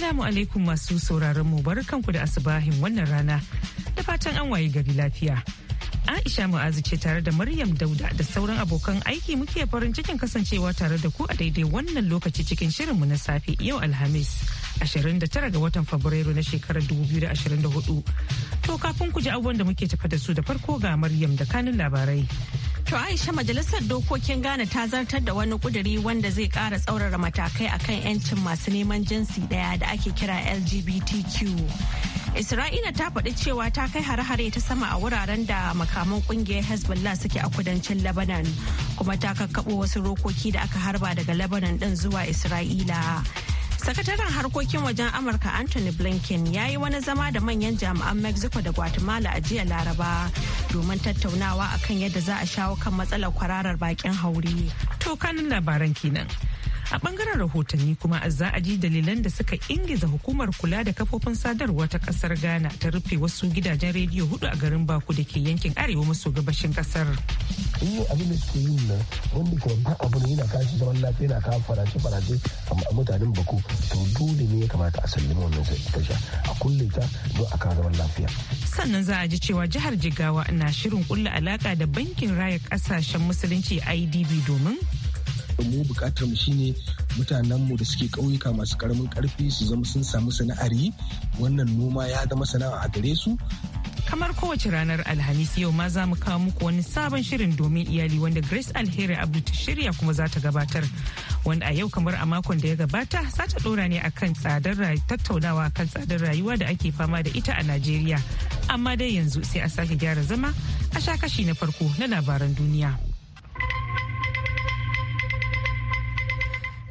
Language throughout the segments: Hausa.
Assalamu alaikum masu sauraron mu barkanku da asubahin wannan rana da fatan an waye gari lafiya. Aisha Mu'azu ce tare da Maryam Dauda da sauran abokan aiki muke farin cikin kasancewa tare da ku a daidai wannan lokaci cikin shirinmu na safe yau Alhamis 29 ga watan Fabrairu na shekarar 2024. To kafin ku ji abubuwan da muke tafa da su da farko ga Maryam da kanin labarai. To Aisha majalisar dokokin Ghana ta zartar da wani kuduri wanda zai kara tsaurara matakai akan 'yancin masu neman jinsi daya da ake kira LGBTQ. Isra'ila ta faɗi cewa ta kai hare-hare ta sama a wuraren da makaman kungiyar Hezbollah suke a kudancin Lebanon kuma ta kakkaɓo wasu rokoki da aka harba daga Lebanon ɗin zuwa Isra'ila. sakataren harkokin wajen amurka anthony blinken ya yi wani zama da manyan jami'an mexico da guatemala a jiya laraba domin tattaunawa akan yadda za a shawo kan matsalar kwararar bakin hauri. to kanin labaran kenan A bangaren rahotanni kuma za a ji dalilan da suka ingiza hukumar kula da kafofin sadarwa ta ƙasar Ghana ta rufe wasu gidajen rediyo hudu a garin Baku da ke yankin arewa maso gabashin kasar. Iya abin da suke yin nan wanda ke abu ne yana kashi zaman lafiya yana kawo farace farace a mutanen Baku to dole ne ya kamata a sallama wannan tasha a kulle ta don a kawo zaman lafiya. Sannan za a ji cewa jihar Jigawa na shirin kulla alaka da bankin raya ƙasashen musulunci IDB domin mu bukatar mu shine mutanen mu da suke ƙauyuka masu karamin karfi su zama sun samu sana'ar yi wannan noma ya zama sana'a a gare su kamar kowace ranar alhamis yau ma za mu kawo muku wani sabon shirin domin iyali wanda grace alheri abdu ta shirya kuma za ta gabatar wanda a yau kamar a makon da ya gabata za ta dora ne akan tsadar tattaunawa akan tsadar rayuwa da ake fama da ita a najeriya amma dai yanzu sai a sake gyara zama a sha kashi na farko na labaran duniya.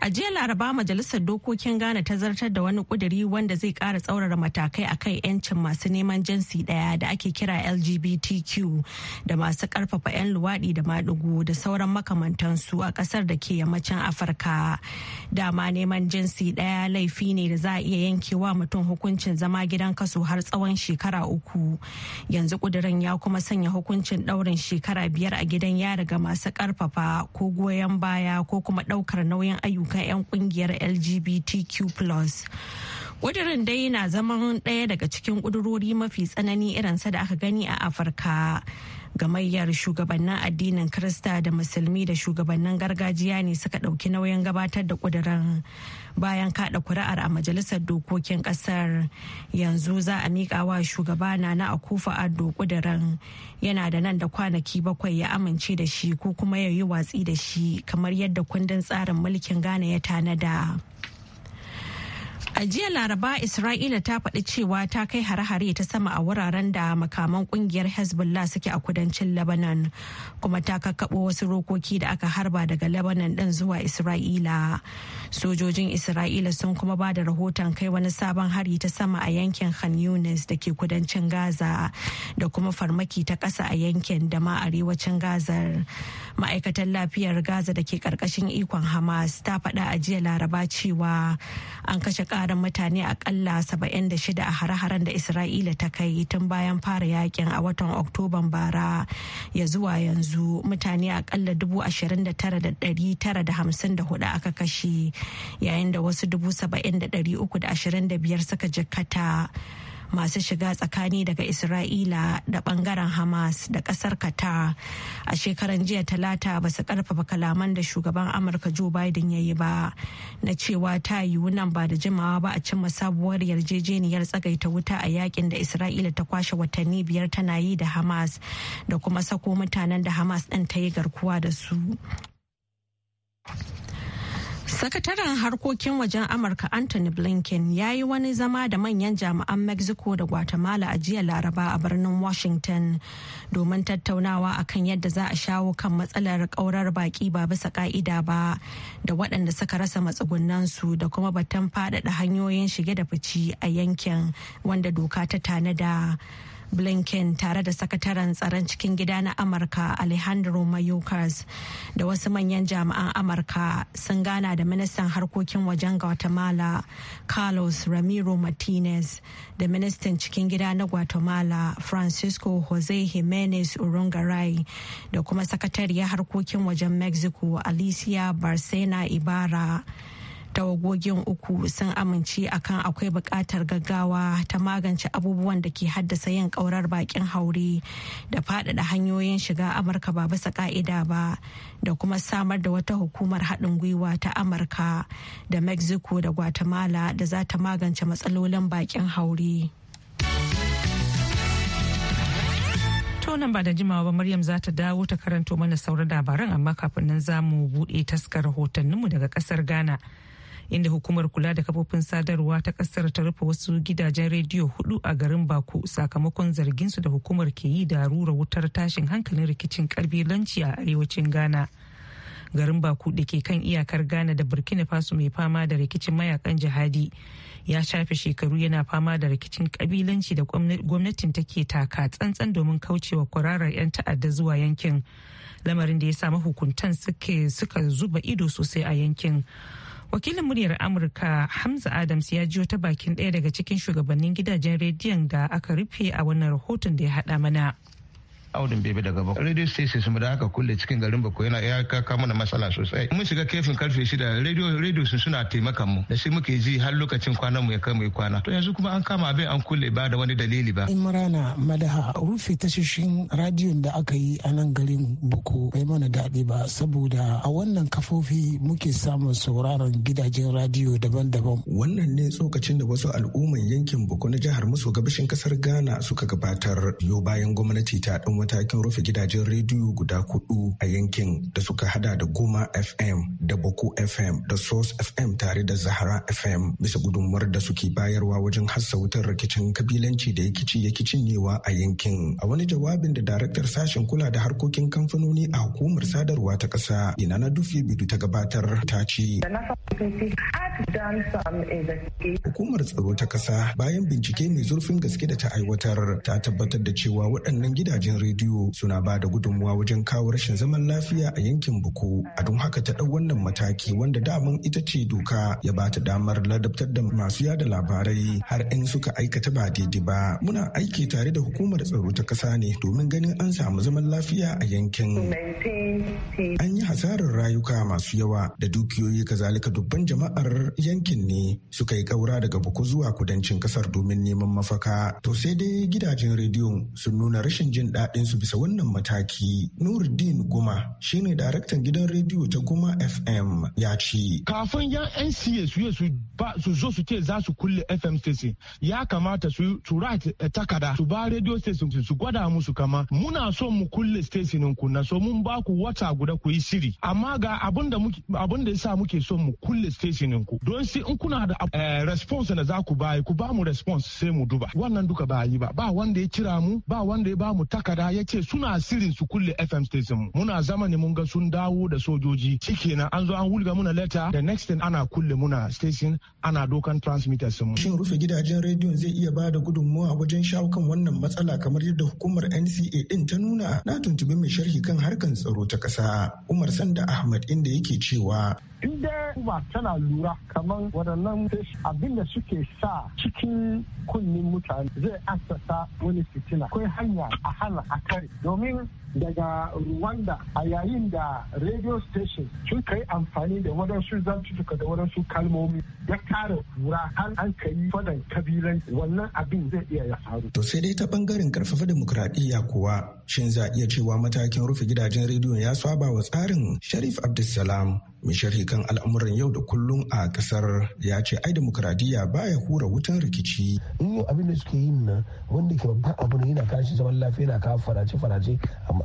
A jiya Laraba Majalisar Dokokin Ghana ta zartar da wani kuduri wanda zai ƙara tsaurara matakai akan 'yancin masu neman jinsi daya da ake kira LGBTQ da masu ƙarfafa 'yan luwaɗi da maɗigo da sauran makamantansu a ƙasar da ke yammacin Afirka. Dama neman jinsi daya laifi ne da za a iya yankewa mutum hukuncin zama gidan kaso har tsawon shekara uku. Yanzu kudirin ya kuma sanya hukuncin ɗaurin shekara biyar a gidan yari ga masu ƙarfafa ko goyon baya ko kuma ɗaukar nauyin ayyuka kan 'yan kungiyar lgbtq ƙudurin dai na zaman ɗaya daga cikin ƙudurori mafi tsanani irin sa da aka gani a afirka gamayyar shugabannin addinin Kirista da Musulmi da shugabannin gargajiya ne suka ɗauki nauyin gabatar da ƙudurin bayan kaɗa kuri'ar a majalisar dokokin ƙasar yanzu za a miƙa wa shugaba na akufa addo ƙudurin yana da nan da kwanaki bakwai ya amince da shi ko kuma ya yi watsi da shi kamar yadda kundin tsarin mulkin ghana ya tanada. A jiya Laraba Isra'ila ta faɗi cewa ta kai hare-hare ta sama a wuraren da makaman kungiyar Hezbollah suke a kudancin Lebanon kuma ta kakkaɓo wasu rokoki da aka harba daga Lebanon ɗin zuwa Isra'ila. Sojojin Isra'ila sun kuma ba da rahoton kai wani sabon hari ta sama a yankin Khan da ke kudancin Gaza da kuma farmaki ta ƙasa a yankin da ma arewacin Gazar. Ma'aikatan lafiyar Gaza da ke ƙarƙashin ikon Hamas ta faɗa a jiya Laraba cewa an kashe ƙarin mutane aƙalla 76 a hare-haren da Isra'ila ta kai tun bayan fara yakin a watan Oktoban bara ya zuwa yanzu mutane aƙalla 29,954 aka kashe yayin da wasu dubu saba'in da ɗari uku da ashirin da biyar suka jikkata masu shiga tsakani daga isra'ila da bangaren hamas da ƙasar qatar a shekaran jiya talata ba su karfafa kalaman da shugaban amurka joe biden ya yi ba na cewa ta yiwu nan ba da jimawa ba a cimma sabuwar yarjejeniyar tsagaita wuta a yakin da isra'ila ta kwashe watanni biyar tana yi da hamas da kuma sako mutanen da hamas ɗin ta yi garkuwa da su Sakataren harkokin wajen Amurka Anthony Blinken ya yi wani zama da manyan jami'an Mexico da Guatemala a jiya Laraba a birnin Washington domin tattaunawa a kan yadda za a shawo kan matsalar ƙaurar baƙi ba bisa ƙa'ida ba da waɗanda suka rasa su da kuma batun faɗaɗa hanyoyin shige da fici a yankin wanda doka ta tanada. blinken tare da sakataren tsaron cikin gida na amurka alejandro mayorkas da wasu manyan jami'an amurka sun gana da ministan harkokin wajen guatemala carlos ramiro martinez da ministan cikin gida na guatemala francisco jose jimenez urungaray da kuma sakatariyar harkokin wajen mexico alicia barcena ibarra tawagogin uku sun amince akan akwai buƙatar gaggawa ta magance abubuwan da ke haddasa yin ƙaurar bakin haure da faɗaɗa hanyoyin shiga amurka ba bisa ƙa'ida ba da kuma samar da wata hukumar haɗin gwiwa ta amurka da mexico da guatemala da za ta magance matsalolin bakin haure. To nan ba da jimawa ba Maryam za ta dawo ta karanto mana sauran labaran amma kafin nan za mu buɗe taskar rahotanninmu daga ƙasar Ghana. inda hukumar kula da kafofin sadarwa ta kasar ta rufe wasu gidajen rediyo hudu a garin baku sakamakon zarginsu da hukumar ke yi da rura wutar tashin hankalin rikicin kabilanci a arewacin ghana garin baku da ke kan iyakar ghana da burkina faso mai fama da rikicin mayakan jihadi ya shafe shekaru yana fama da rikicin kabilanci da gwamnatin take taka tsantsan domin kaucewa kwararar 'yan ta'adda zuwa yankin lamarin da ya samu hukuntan suka zuba ido sosai a yankin wakilin muryar amurka hamza adams ya ji wata bakin daya daga cikin shugabannin gidajen rediyon da aka rufe a wannan rahoton da ya haɗa mana audin bebe daga bakwai radio station sun da aka kulle cikin garin bako yana ya kaka mana matsala sosai mun shiga kefin karfe shida radio radio sun suna taimakan mu da shi muke ji har lokacin kwanan mu ya kai mu kwana to yanzu kuma an kama abin an kulle ba da wani dalili ba marana madaha rufe tashoshin radiyon da aka yi a nan garin bako bai mana daɗi ba saboda a wannan kafofi muke samun sauraron gidajen radiyo daban-daban wannan ne tsokacin da wasu al'umman yankin bako na jihar maso gabashin kasar ghana suka gabatar yau bayan gwamnati ta matakin rufe gidajen rediyo guda kudu a yankin da suka hada da goma fm da boko fm da source fm tare da zahara fm bisa gudunmuwar da suke bayarwa wajen hassa wutar rikicin kabilanci da yakici yakicin newa a yankin a wani jawabin da daraktar sashen kula da harkokin kamfanoni a hukumar sadarwa ta ƙasa inana dufe bidu ta gabatar ta ce Hukumar tsaro ta ƙasa bayan bincike mai zurfin gaske da ta aiwatar ta tabbatar da cewa waɗannan gidajen rediyo suna ba da gudunmuwa wajen kawo rashin zaman lafiya a yankin Buku. A don haka ta ɗau wannan mataki wanda daman ita ce doka ya ba ta damar ladabtar da masu yada labarai har in suka aikata ba daidai ba. Muna aiki tare da hukumar tsaro ta ƙasa ne domin ganin an samu zaman lafiya a yankin. An yi hasarar rayuka masu yawa da dukiyoyi kazalika dubban jama'ar yankin ne suka yi ƙaura daga buku zuwa kudancin kasar domin neman mafaka to sai dai gidajen rediyon sun nuna rashin jin daɗin su bisa wannan mataki nuruddin guma shine daraktan gidan rediyo ta guma fm ya ce kafin yan nca su su su zo su ce za su kulle fm station ya kamata su su takada su ba rediyo station su gwada musu kama muna so mu kulle stationin ku na so mun ba ku wata guda ku yi shiri amma ga abin da ya muke so mu kulle stationin ku don sai in kuna da eh, response da za ku bayi ku ba mu response sai mu duba wannan duka ba yi ba ba wanda ya kira mu ba wanda ya ba mu takada ya ce suna sirin su kulle FM station mu muna zama ne mun ga sun dawo da sojoji shikenan an zo an wulga muna letter da next thing ana kulle muna station ana dokan transmitter sun shin rufe gidajen rediyon zai iya ba da gudunmawa wajen shawo kan wannan matsala kamar yadda hukumar NCA din ta nuna na tuntubi mai sharhi kan harkan tsaro ta kasa Umar Sanda Ahmad inda yake cewa in dai uba tana lura kamar waɗannan abin da suke sa cikin kunnin mutane zai asasa wani fitina akwai hanya a hana a kare domin daga Rwanda a yayin da radio station sun yi amfani da wadansu zantutuka da wadansu kalmomi ya kare wura har an kai fadan kabilan wannan abin zai iya ya faru. To sai dai ta bangaren karfafa demokradiyya kuwa shin za iya cewa matakin rufe gidajen rediyo ya saba wa tsarin Sharif Abdulsalam mai sharhi kan al'amuran yau da kullum a kasar ya ce ai demokradiyya baya hura wutan rikici. Iyo abin da suke yin nan wanda ke babban abu ne yana kashi zaman lafiya na kawo farace farace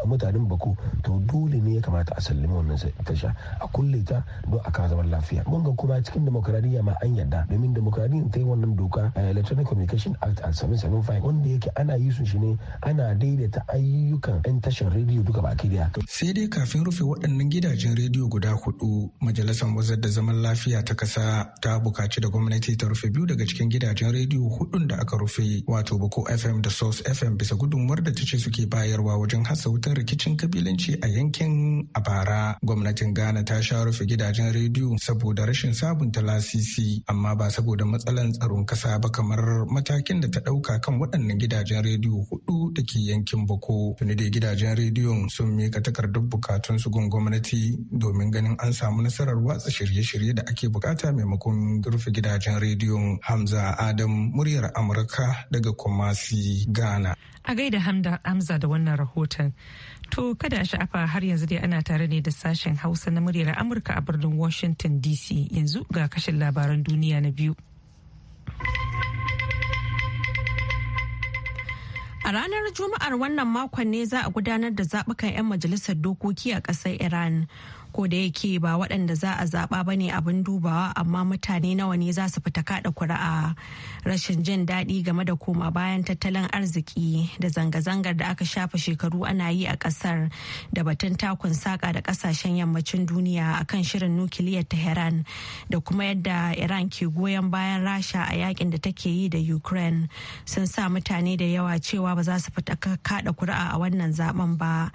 mutanen baku to dole ne ya kamata a sallami wannan tasha a kulle ta don a kawo zaman lafiya mun ga kuma cikin demokradiyya ma an yarda domin demokradiyyar ta yi wannan doka a eh, electronic communication act samun 775 wanda yake ana yi su shi ne ana daidaita ayyukan 'yan tashar rediyo duka baki daya. sai dai kafin rufe waɗannan gidajen rediyo guda hudu majalisar wazar da zaman lafiya ta kasa ta buƙaci da gwamnati ta rufe biyu daga cikin gidajen rediyo hudun da aka rufe wato bako fm da source fm bisa gudunmuwar da ta ce suke bayarwa wajen hasa wutar rikicin kabilanci a yankin a bara gwamnatin ghana ta sha rufe gidajen rediyo saboda rashin sabunta lasisi amma ba saboda matsalan tsaron kasa ba kamar matakin da ta ɗauka kan waɗannan gidajen rediyo hudu da ke yankin bako tuni da gidajen rediyon sun mika takardar bukatun su gun gwamnati domin ganin an samu nasarar watsa shirye-shirye da ake bukata maimakon rufe gidajen rediyon hamza adam muryar amurka daga kumasi ghana A gaida Hamza da wannan rahoton. To kada a sha'afa har yanzu dai ana tare ne da sashen Hausa na muryar Amurka a birnin Washington DC yanzu ga kashin labaran duniya na biyu. A ranar Juma'ar wannan makon ne za a gudanar da zaɓukan 'yan majalisar dokoki a ƙasar Iran. ko da yake ba waɗanda za a zaɓa ba ne abin dubawa amma mutane nawa ne za su fita kaɗa kuri'a rashin jin daɗi game da koma bayan tattalin arziki da zanga-zangar da aka shafa shekaru ana yi a ƙasar da batun takun saƙa da ƙasashen yammacin duniya akan shirin nukiliyar tehran da kuma yadda iran ke goyon bayan rasha a yakin da take yi da ukraine sun sa mutane da yawa cewa ba za su fita kaɗa kuri'a a wannan zaɓen ba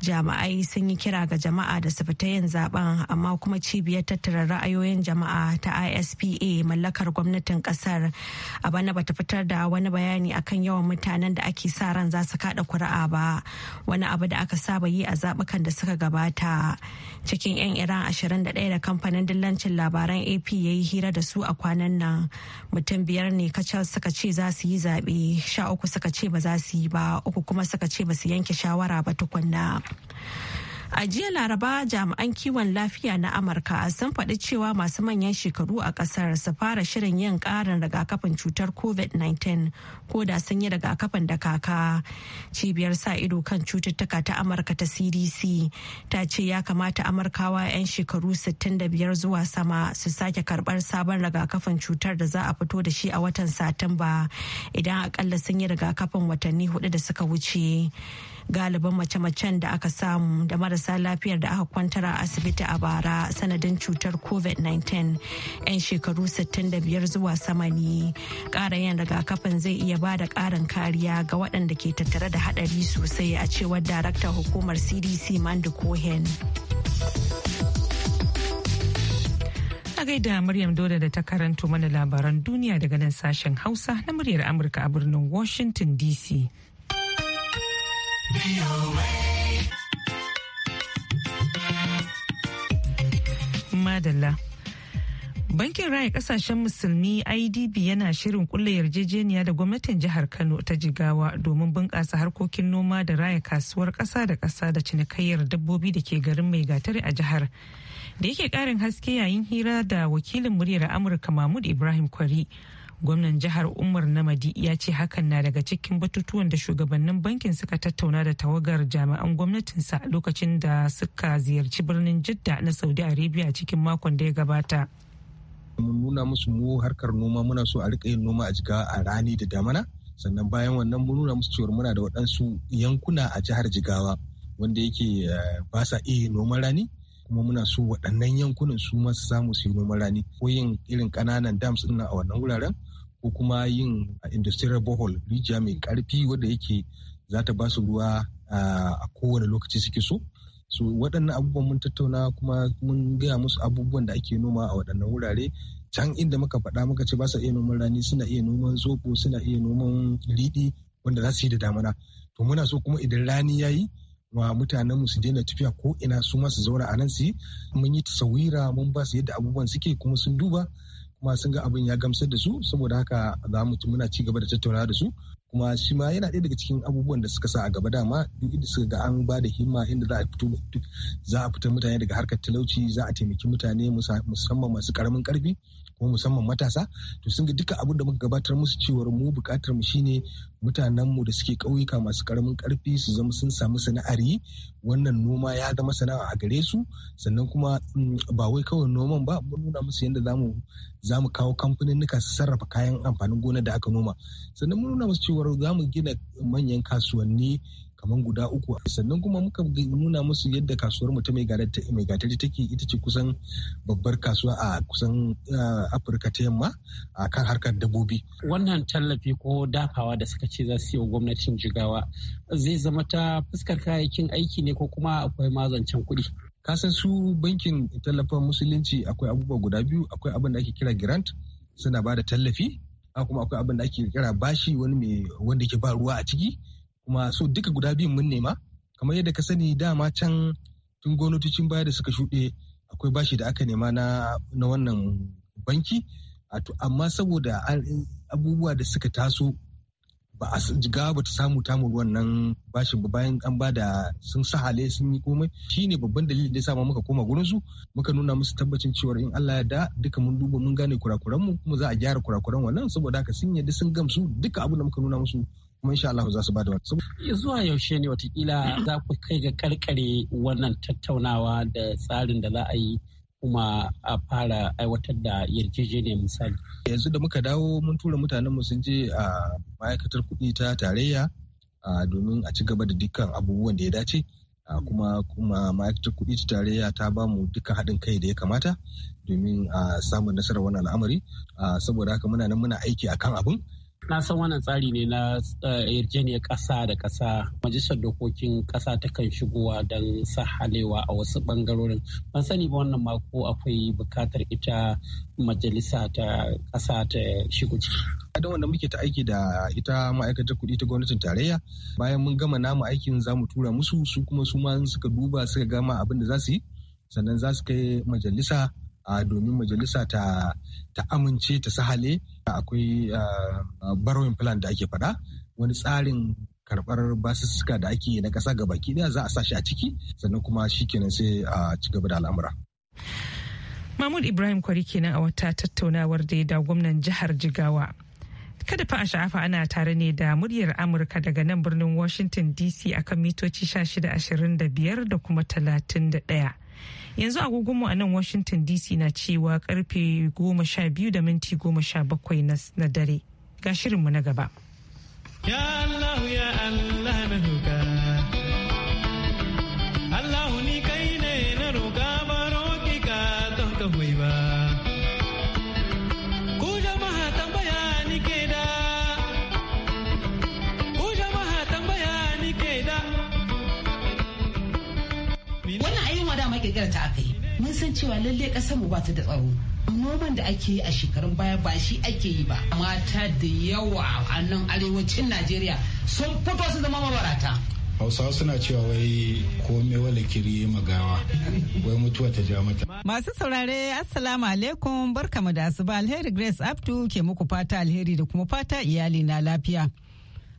jami'ai sun yi kira ga jama'a da su fita yin yin zaben amma kuma cibiyar tattara ra'ayoyin jama'a ta ispa mallakar gwamnatin kasar a bana bata fitar da wani bayani akan yawan mutanen da ake sa ran za su kada kuri'a ba wani abu da aka saba yi a zabukan da suka gabata cikin 'yan iran 21 da kamfanin dillancin labaran ap ya yi hira da su a kwanan nan mutum biyar ne kacal suka ce za su yi zaɓe sha uku suka ce ba za su yi ba uku kuma suka ce ba su yanke shawara ba tukunna A jiya Laraba jami'an kiwon lafiya na Amurka sun faɗi cewa masu manyan shekaru a ƙasar su fara shirin yin ƙarin rigakafin cutar COVID-19 ko da sun yi rigakafin da kaka. Cibiyar sa ido kan cututtuka ta Amurka ta CDC ta ce ya kamata Amurkawa 'yan shekaru 65 zuwa sama su sake karɓar sabon rigakafin cutar da za a fito da shi a watan Satumba idan akalla sun yi rigakafin watanni hudu da suka wuce. Galiban mace-macen da aka samu da marasa lafiyar da aka kwantar a asibiti a bara sanadin cutar covid-19 'yan shekaru 65 zuwa sama ne ƙara yin rigakafin zai iya ba da ƙarin kariya ga waɗanda ke tattare da haɗari sosai a cewar daraktan hukumar cdc mandu cohen gaida Maryam Dole da ta karanto mana labaran duniya daga nan sashen Hausa na muryar Amurka a birnin Washington DC. Madalla. Bankin Raya Kasashen Musulmi IDB yana shirin kulle yarjejeniya da gwamnatin jihar Kano ta Jigawa domin bunƙasa harkokin noma da raya kasuwar ƙasa da ƙasa da cinikayyar dabbobi da ke garin mai gatari a jihar. Da yake ƙarin haske yayin hira da wakilin muryar Amurka Mahmud Ibrahim Kwari. gwamnan jihar umar namadi ya ce hakan na daga cikin batutuwan da shugabannin bankin suka tattauna da tawagar jami'an gwamnatinsa lokacin da suka ziyarci birnin jidda na saudi arabia cikin makon da ya gabata mun nuna musu mu harkar noma muna so a rika yin noma a jiga a rani da damana sannan bayan wannan mun nuna musu cewar muna da waɗansu yankuna a jihar jigawa wanda yake eh, ba sa iya noman rani kuma muna so waɗannan yankunan su masu samu su yi noman rani ko yin irin ƙananan dams ɗin a wannan wuraren ko kuma yin uh, industrial borehole rijiya mai karfi wadda yake za ta ba su ruwa uh, a kowane lokaci suke so so waɗannan abubuwan mun tattauna kuma mun gaya musu abubuwan da ake noma a waɗannan wurare can inda muka faɗa muka ce ba su iya noman rani suna iya noman zobo suna iya noman riɗi wanda za su yi da damuna to muna so kuma idan rani ya yi wa mutanen mu su daina tafiya ko ina su ma su zauna a nan su yi mun yi tasawira mun ba su yadda abubuwan suke kuma sun duba kuma sun ga abin ya gamsar da su saboda haka za mu muna ci gaba da tattaunawa da su kuma shi ma yana ɗaya daga cikin abubuwan da suka sa a gaba dama duk inda suka ga an ba da himma inda za a fito za a fitar mutane daga harkar talauci za a taimaki mutane musamman masu karamin karfi kuma musamman matasa to sun ga duka abin da muka gabatar musu cewar mu bukatar mu shine mutanen mu da suke ƙauyuka masu karamin karfi su zama sun samu sana'ar yi wannan noma ya zama sana'a a gare su sannan kuma mm, ba wai kawai noman ba mun nuna musu yadda zamu zamu kawo kamfaninnika su sarrafa kayan amfanin gona da aka noma sannan mun nuna musu cewar zamu gina manyan kasuwanni kamar guda uku sannan kuma muka nuna musu yadda kasuwar mu ta mai gatari take ita ce kusan babbar kasuwa a kusan eh, afirka ta yamma a kan harkar dabobi wannan tallafi ko dakawa da suka ce za su yi gwamnatin jigawa zai zama ta fuskar kayayyakin aiki ne ko kuma akwai mazancen kuɗi kasan su bankin tallafin musulunci akwai abubuwa guda biyu akwai abin da ake kira grant suna ba da tallafi kuma akwai abin da ake kira bashi wani mai wanda ke ba ruwa a ciki kuma so duka guda biyun mun nema kamar yadda ka sani dama can tun gwamnatocin baya da suka shuɗe akwai bashi da aka nema na wannan banki amma saboda abubuwa da suka taso ba a jiga ba ta samu tamu wannan bashin ba bayan an ba da sun sahale sun yi komai shine babban dalilin da ya sama muka koma gurin su muka nuna musu tabbacin cewa in Allah ya da duka mun duba mun gane kurakuran mu kuma za a gyara kurakuran wannan saboda haka sun yadda sun gamsu duka abin da muka nuna musu kuma insha Allah za su ba da wani. Zuwa yaushe ne watakila za ku kai ga karkare wannan tattaunawa da tsarin da za a yi kuma a fara aiwatar da yarjejeniyar misali. Yanzu da muka dawo mun tura mutanen mu sun je a ma'aikatar kuɗi ta tarayya domin a ci gaba da dukkan abubuwan da ya dace. kuma kuma ma'aikatar kuɗi ta tarayya ta ba mu dukkan haɗin kai da ya kamata domin a samun nasarar wannan al'amari saboda haka muna nan muna aiki akan abin na san wannan tsari ne na eh, yarjejeniyar ƙasa da ƙasa majalisar dokokin ƙasa ta kan shigowa don halewa a wasu ɓangarorin ban sani ba wannan mako akwai buƙatar ita majalisa ta ƙasa ta shigo ciki da wanda muke ta aiki da ita ma'aikatar kuɗi ta gwamnatin tarayya bayan mun gama namu aikin za mu tura musu su kuma su ma suka duba suka gama abin da za su yi sannan za su kai majalisa a domin majalisa ta ta amince ta sahale akwai borrowing plan da ake faɗa wani tsarin karɓar basussuka da ake na ƙasa ga baki ɗaya za a sashi a ciki sannan kuma shi kenan sai a ci gaba da al'amura. Mahmud Ibrahim Kwari kenan a wata tattaunawar da ya da gwamnan jihar Jigawa. Kada fa a sha'afa ana tare ne da muryar Amurka daga nan birnin Washington DC akan mitoci 1625 da kuma 31. yanzu agogonmu a nan washington dc na cewa karfe goma sha biyu da minti goma sha bakwai na dare ga shirinmu na gaba shekarar ta aka yi mun san cewa lalle kasar mu bata da tsaro noman da ake yi a shekarun baya ba shi ake yi ba mata da yawa a nan arewacin najeriya sun fito su zama mabarata hausawa suna cewa wai komai wale kiri magawa wai mutuwa ta ja mata. Masu saurare assalamu alaikum barkamu da asuba alheri Grace Abdu ke muku fata alheri da kuma fata iyali na lafiya.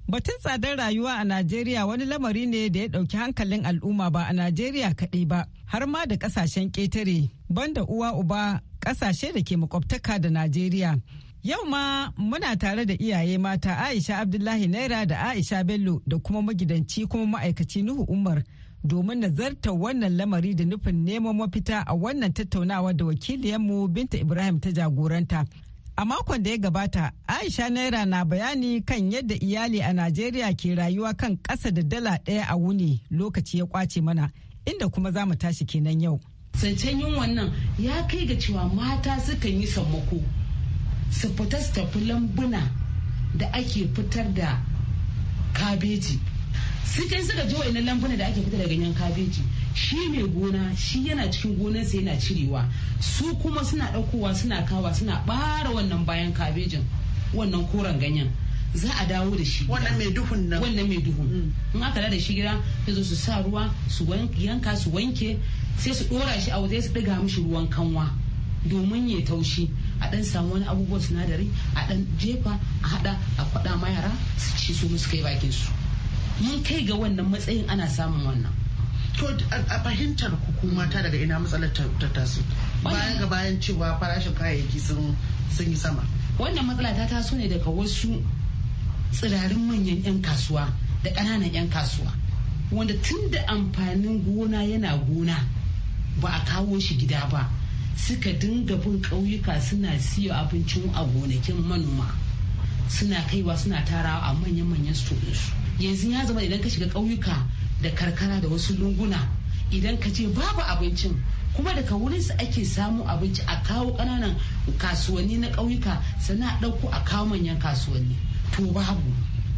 Batun tsadar rayuwa a Najeriya wani lamari ne da ya ɗauki hankalin al'umma ba a Najeriya kaɗai ba, har ma da ƙasashen ƙetare, banda uwa uba ƙasashe da ke makwabtaka da Najeriya. Yau ma muna tare da iyaye mata Aisha Abdullahi Naira da Aisha Bello da kuma magidanci kuma ma'aikaci Nuhu Umar domin nazartar wannan lamari da nufin neman mafita a wannan tattaunawa da mu Binta Ibrahim ta jagoranta. A makon da ya gabata, Aisha Naira na bayani kan yadda iyali a Najeriya ke rayuwa kan ƙasa da dala ɗaya a wuni lokaci ya kwace mana, inda kuma za mu tashi kenan yau. Zancen yin wannan ya kai ga cewa mata sukan yi sammako, su fita su tafi lambuna da ake fitar da kabeji. Sukan suka ji wa'in lambuna da ake fitar da ganyen kabeji. shi mai gona shi yana cikin gonarsa yana cirewa su kuma suna ɗaukowa suna kawa suna ɓara wannan bayan kabejin wannan koren ganyen za a dawo da shi wannan mai duhun nan wannan mai duhun mm. in aka da shi gida ya zo su sa ruwa su yanka su wanke sai su ɗora shi a waje su diga mishi ruwan kanwa domin ya taushi a dan samu wani abubuwan sinadari a dan jefa a haɗa a kwada ma yara su ci su musu kai bakin su mun kai ga wannan matsayin ana samun wannan to a fahimtar hukuma ta daga ina matsalar ta taso bayan ga bayan cewa farashin kayayyaki sun yi sama wannan matsala ta taso ne daga wasu tsirarin manyan 'yan kasuwa da ƙananan 'yan kasuwa wanda tun da amfanin gona yana gona ba a kawo shi gida ba suka dinga bin ƙauyuka suna siya abincin a gonakin manoma suna kaiwa suna tarawa a manyan-manyan su yanzu ya zama idan ka shiga ƙauyuka da karkara da wasu lunguna idan ka je babu abincin kuma daga su ake samu abinci a kawo kananan kasuwanni na ƙauyuka sana ɗauko a kawo manyan kasuwanni to babu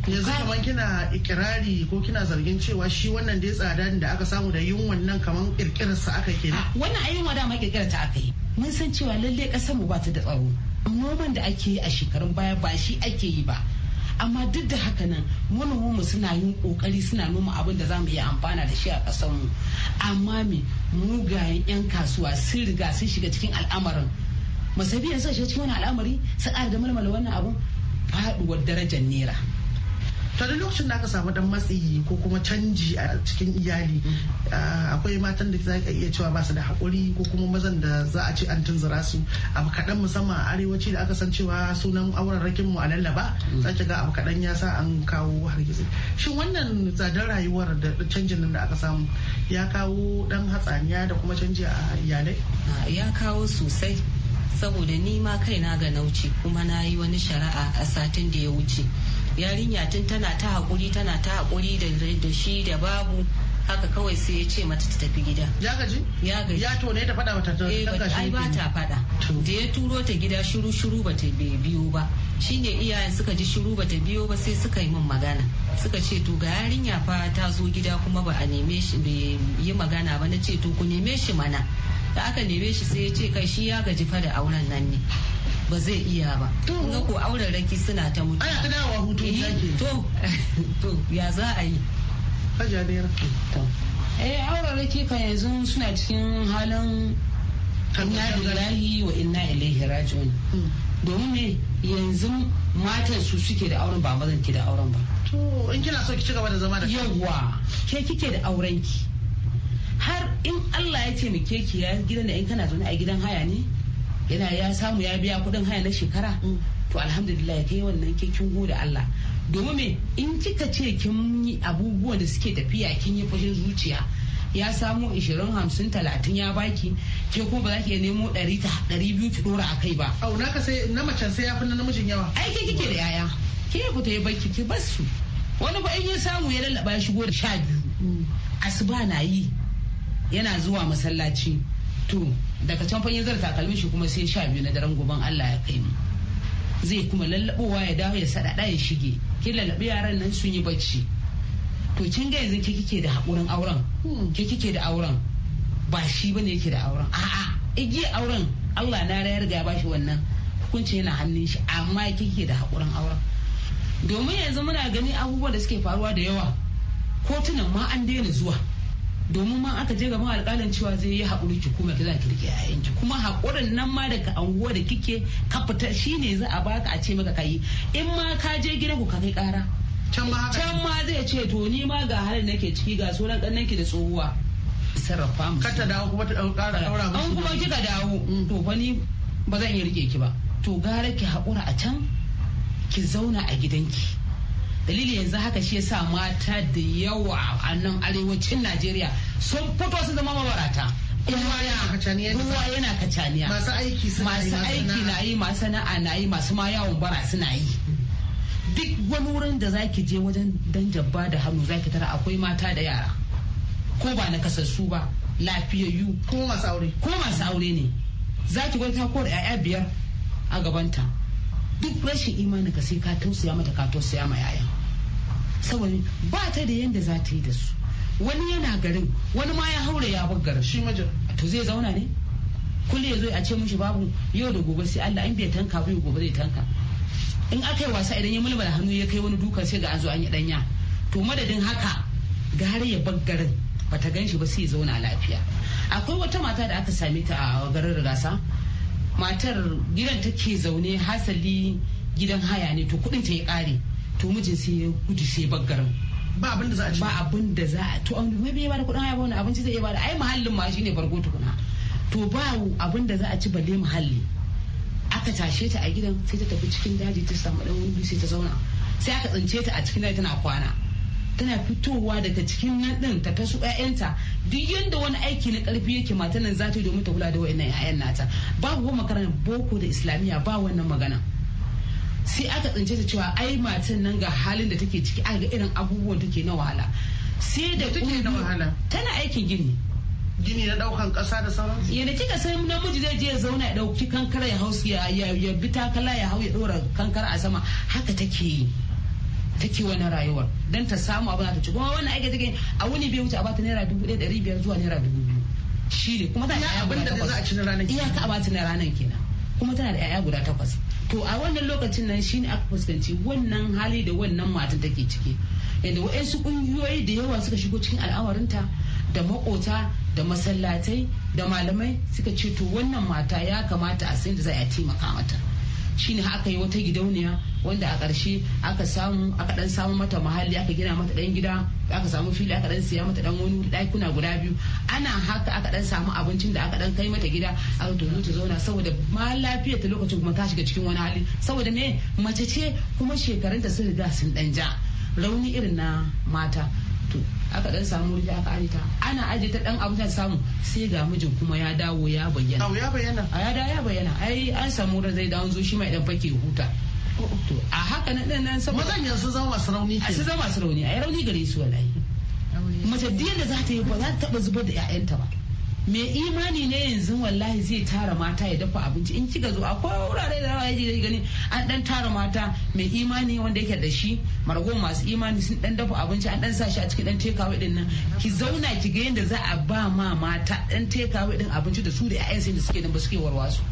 yanzu kamar kina ikirari ko kina zargin cewa shi wannan dai tsada da aka samu da yin nan kamar kirkirarsa aka ke wannan a yunwa dama kirkirar ta aka yi mun san cewa lalle ƙasar mu ba ta da tsaro noman da ake yi a shekarun baya ba shi ake yi ba amma duk da haka nan mu suna yin kokari suna noma abin da za mu iya amfana da shi a mu amma me mugayen 'yan kasuwa sun riga sun shiga cikin al'amarin masabi yanzu a shi cikin wani al'amari su da malmala wannan abun faɗuwar darajar nera. to da lokacin da aka samu dan matsi ko kuma canji a cikin iyali ah, akwai matan da za ka iya cewa ba su da haƙuri ko kuma mazan da za a ce an tunzura su abu kaɗan musamman a arewaci da aka san cewa sunan auren rakin mu a lallaba mm. za ki ga abu kaɗan ya sa an kawo hargitsi shin wannan tsadar rayuwar da canjin nan da aka samu ya kawo dan hatsaniya da kuma canji a iyalai ah, ya kawo sosai saboda ni ma kai na ga nauci kuma na yi wani shari'a a satin da ya wuce yarinya tun tana ta haƙuri tana ta haƙuri da shi da babu haka kawai sai ya ce mata ta tafi gida. Ya gaji? Ya gaji. Ya to ne ta faɗa mata ta eh, gashi. Ai ba ta faɗa. Da ya turo ta gida shiru shiru ba ta biyo ba. Shine iyayen suka ji shiru ba ta biyo ba sai suka yi min magana. Suka ce to ga yarinya fa ta zo gida kuma ba a neme shi bai yi magana ba na ce to ku neme shi mana. Da aka neme shi sai ya ce kai shi ya gaji fa da auren nan ne. ba zai iya ba to ga auren raki suna ta mutu ana ta dawa hutu eh, to to ya za a yi haja ne rafi. eh auren raki kan yanzu suna cikin halin inna lillahi wa inna ilaihi raji'un hmm. domin ne yanzu matan su suke da auren ba mazan ke da auren ba to in kina so ki ci gaba da zama da yawa ke kike da auren ki har in Allah ya ce mu ke ki ya gidan da in kana zaune a gidan haya ne yana ya samu ya biya kuɗin haya na shekara mm. to alhamdulillah kai wannan ke kin gode Allah domin me in kika ce kin yi abubuwan da suke tafiya kin yi fashin zuciya ya samo 20 hamsin talatin ya baki ke kuma ba za ki nemo 100 biyu ki dora a kai ba au ka sai na macen sai ya fi na namijin yawa aiki kike da yaya ke ku ta yi baki ki bar su wani ba in ya samu ya lallaba shi shigo da sha biyu mm. asuba na yi yana zuwa masallaci to daga can fanyin zara takalmin shi kuma sai sha biyu na daren goban Allah ya kai mu zai kuma lallabowa ya dawo ya sadada ya shige ki lallabi yaran nan sun yi bacci to kin ga yanzu ke kike da hakurin auren hmm. ke kike da auren ba shi bane yake da auren a'a igi auren Allah na rayar ga ba shi wannan hukunci yana hannun shi amma kike da hakurin auren domin yanzu muna gani abubuwa da suke faruwa da yawa kotunan ma an daina zuwa domin ma aka je gaban alƙalin cewa zai yi haƙuri ki kuma ki za ki rike ki kuma haƙurin nan ma daga anguwa da kike ka fita shine za a baka a ce maka kayi in ma ka je gidan ku ka kai ƙara can ma zai ce to ni ma ga halin nake ciki ga sunan ɗan da tsohuwa sarrafa ka ta dawo kuma ta ƙara ɗaura mu an kuma kika dawo mm, to fa ni ba zan iya rike ki ba to gara ki haƙura a can ki zauna a gidanki dalili yanzu haka shi yasa mata da yawa a nan arewacin najeriya sun fito sun zama mabarata ruwa yana kacaniya masu aiki na yi masu sana'a na yi masu ma yawon bara suna yi duk wani wurin da zaki je wajen dan jabba da hannu zaki tara akwai mata da yara ko ba na kasassu ba lafiyayyu ko masu aure ko masu aure ne zaki gwai ta da 'ya'ya biyar a gabanta duk rashin imanin ka sai ka tausaya mata ka tausaya ma yayan saboda ba ta da yadda za ta yi da su wani yana garin wani ma ya haura ya bar garin shi majin to zai zauna ne kulle ya zo a ce mishi babu yau da gobe sai Allah in bai tanka ba gobe zai tanka in aka yi wasa idan ya mulmula hannu ya kai wani duka sai ga an zo an yi danya to madadin haka gari ya bar garin ta gan shi ba sai ya zauna lafiya akwai wata mata da aka same ta a garin rigasa matar gidan take zaune hasali gidan haya ne to kudin ta ya kare to mijin sai ya gudu sai baggaran ba abin da za a ci ba abin da za a to mai bai bada kuɗin haya ba wani abinci zai iya bada ai muhallin ma shine farko tukuna to ba abin da za a ci balle muhalli aka tashe ta a gidan sai ta tafi cikin daji ta samu dan wani sai ta zauna sai aka tsince ta a cikin daji tana kwana tana fitowa daga cikin nan din ta kasu ƴaƴanta duk yanda wani aiki na karfi yake matan nan za ta yi domin ta kula da wayannan ƴaƴan nata babu makarantar boko da islamiyya ba wannan magana sai aka tsince ta cewa ai matan nan ga halin da take ciki a ga irin abubuwan take na wahala sai da take na wahala tana aikin gini gini na daukan kasa da sauransu yana kika san namiji zai je ya zauna ya dauki kankara ya hau ya ya bi takala ya hau ya dora kankara a sama haka take yi take wani rayuwar don ta samu abin ta ci kuma wannan aiki take a wuni bai wuce a bata naira dubu ɗaya ɗari biyar zuwa naira dubu biyu shi ne kuma tana da abin da za a ci na ranar kenan iyaka a bata na ranar kenan kuma tana da 'ya'ya guda takwas to a wannan lokacin nan shi ne aka fuskanci wannan hali da wannan matan take ciki yadda waɗansu ƙungiyoyi da yawa suka shigo cikin al'amarinta da makota da masallatai da malamai suka ce to wannan mata ya kamata a san da za a taimaka mata shine aka yi wata gidauniya wanda a ƙarshe aka samu aka dan samu mata muhalli aka gina mata dan gida aka samu fili aka dan siya mata dan wani ɗakuna guda biyu ana haka aka dan samu abincin da aka dan kai mata gida aka tozo ta zauna saboda ma lafiya ta lokacin kuma ta shiga cikin wani hali saboda me mace ce kuma shekarunta sun riga sun dan ja rauni irin na mata to aka dan samu wuri aka aje ta ana aje ta dan abu ta samu sai ga mijin kuma ya dawo ya bayyana a ya bayyana a ya dawo ya bayyana ai an samu wurin zai dawo zo shi mai dan fake huta to a haka nan dan nan saboda mazan yanzu zama masu rauni ke su zama masu rauni ai rauni gare su wallahi mace da za ta yi ba za ta taba zubar da ƴaƴanta ba me imani ne yanzu wallahi zai tara mata ya dafa abinci in kika zo akwai wurare da yawa da gani an dan tara mata mai imani wanda yake da shi margo masu imani sun dan dafa abinci an dan sa shi a cikin dan teka din nan ki zauna ki ga yadda za a ba ma mata dan teka din abinci da su da 'ya'yan sai da suke nan ba suke warwasu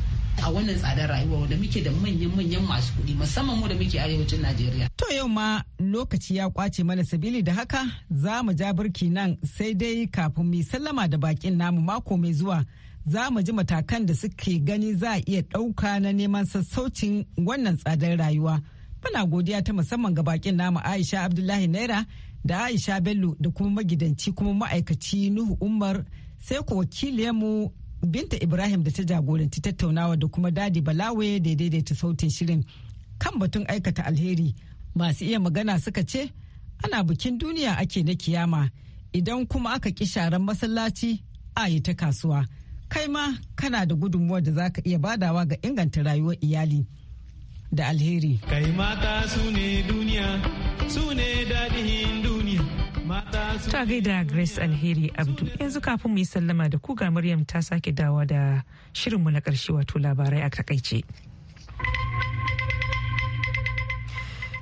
a wannan tsadar rayuwa wanda muke da manyan-manyan masu kuɗi musamman mu da muke arewacin Najeriya. To yau ma lokaci ya kwace mana sabili da haka za mu ja birki nan sai dai kafin mu sallama da bakin namu mako mai zuwa za mu ji matakan da suke gani za a iya ɗauka na neman sassaucin wannan tsadar rayuwa. Muna godiya ta musamman ga bakin namu Aisha Abdullahi Naira da Aisha Bello da kuma magidanci kuma ma'aikaci Nuhu Umar sai ku wakiliyarmu Binta Ibrahim da ta jagoranci tattaunawa da kuma Dadi Balawe da daidaita sautin shirin kan batun aikata alheri masu iya magana suka ce ana bikin duniya ake na kiyama idan kuma aka ki sharan masallaci a yi ta kasuwa kai ma kana da gudunmuwa da za ka iya badawa ga inganta rayuwar iyali da alheri kai mata su ne duniya su ne dadihin duniya Ta gaida Grace Alheri Abdu yanzu kafin mu yi sallama da ku ga Maryam ta sake dawa da shirinmu na ƙarshe wato labarai a takaice.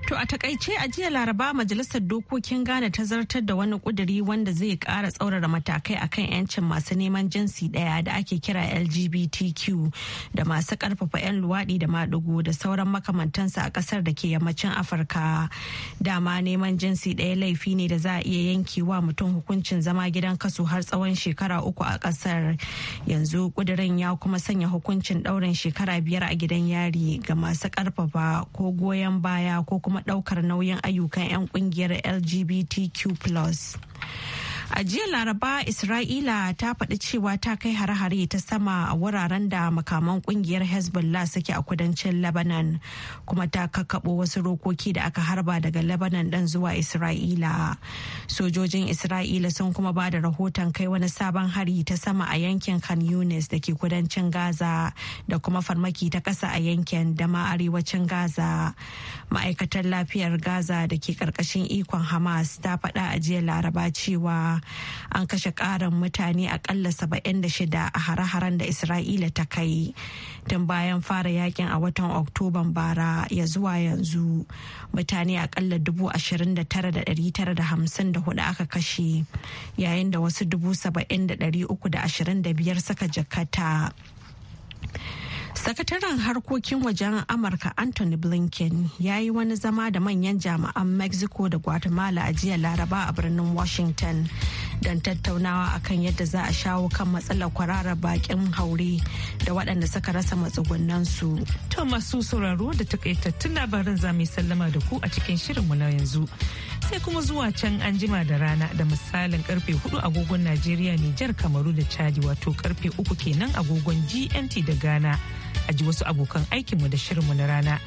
To a takaice a jiya laraba majalisar dokokin Ghana ta zartar da wani kuduri wanda zai kara tsaurara matakai akan yancin masu neman jinsi daya da ake kira LGBTQ da masu karfafa 'yan luwaɗi da maɗigo da sauran makamantansa a ƙasar da ke yammacin Afirka. Dama neman jinsi daya laifi ne da za a iya yanke wa mutum hukuncin zama gidan kaso har tsawon shekara uku a ƙasar. Yanzu kudirin ya kuma sanya hukuncin ɗaurin shekara biyar a gidan yari ga masu karfafa ko goyon baya ko kuma kuma ɗaukar nauyin ayyukan 'yan ƙungiyar LGBTQ+. A jiya Laraba Isra'ila ta faɗi cewa ta kai hare-hare ta sama a wuraren da makaman kungiyar Hezbollah suke a kudancin Lebanon kuma ta kakkaɓo wasu rokoki da aka harba daga Lebanon ɗan zuwa Isra'ila. Sojojin Isra'ila sun kuma ba da rahoton kai wani sabon hari ta sama a yankin Khan Yunis da ke kudancin Gaza da kuma farmaki ta ƙasa a yankin dama arewacin Gaza. Ma'aikatar lafiyar Gaza da ke ƙarƙashin ikon Hamas ta faɗa a jiya Laraba cewa an kashe ƙarin mutane akalla 76 a hare-haren da isra'ila ta kai tun bayan fara yakin a watan oktoban bara ya zuwa yanzu mutane akalla 29,954 aka kashe yayin da wasu biyar suka jakata. Sakataren harkokin wajen Amurka Anthony Blinken ya yi wani zama da manyan jami'an Mexico da Guatemala a jiya Laraba a birnin Washington. don tattaunawa akan yadda za a shawo kan matsalar kwararar bakin haure da waɗanda suka rasa matsugunan su To masu sauraro da takaitattun labarin za mu sallama da ku a cikin shirinmu na yanzu. Sai kuma zuwa can an jima da rana da misalin karfe 4 agogon Najeriya, Nijar, Kamaru da Chadi wato karfe 3 kenan agogon GMT da Ghana. A ji wasu abokan aikinmu da shirin mu na rana.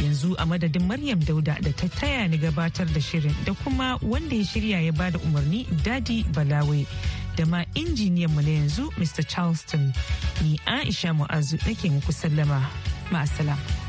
yanzu a madadin maryam dauda da ta taya ni gabatar da shirin da kuma wanda ya shirya ya bada umarni dadi balawe da ma injiniyan mu na yanzu mr charleston ni aisha mu'azu nake muku sallama ma'asala.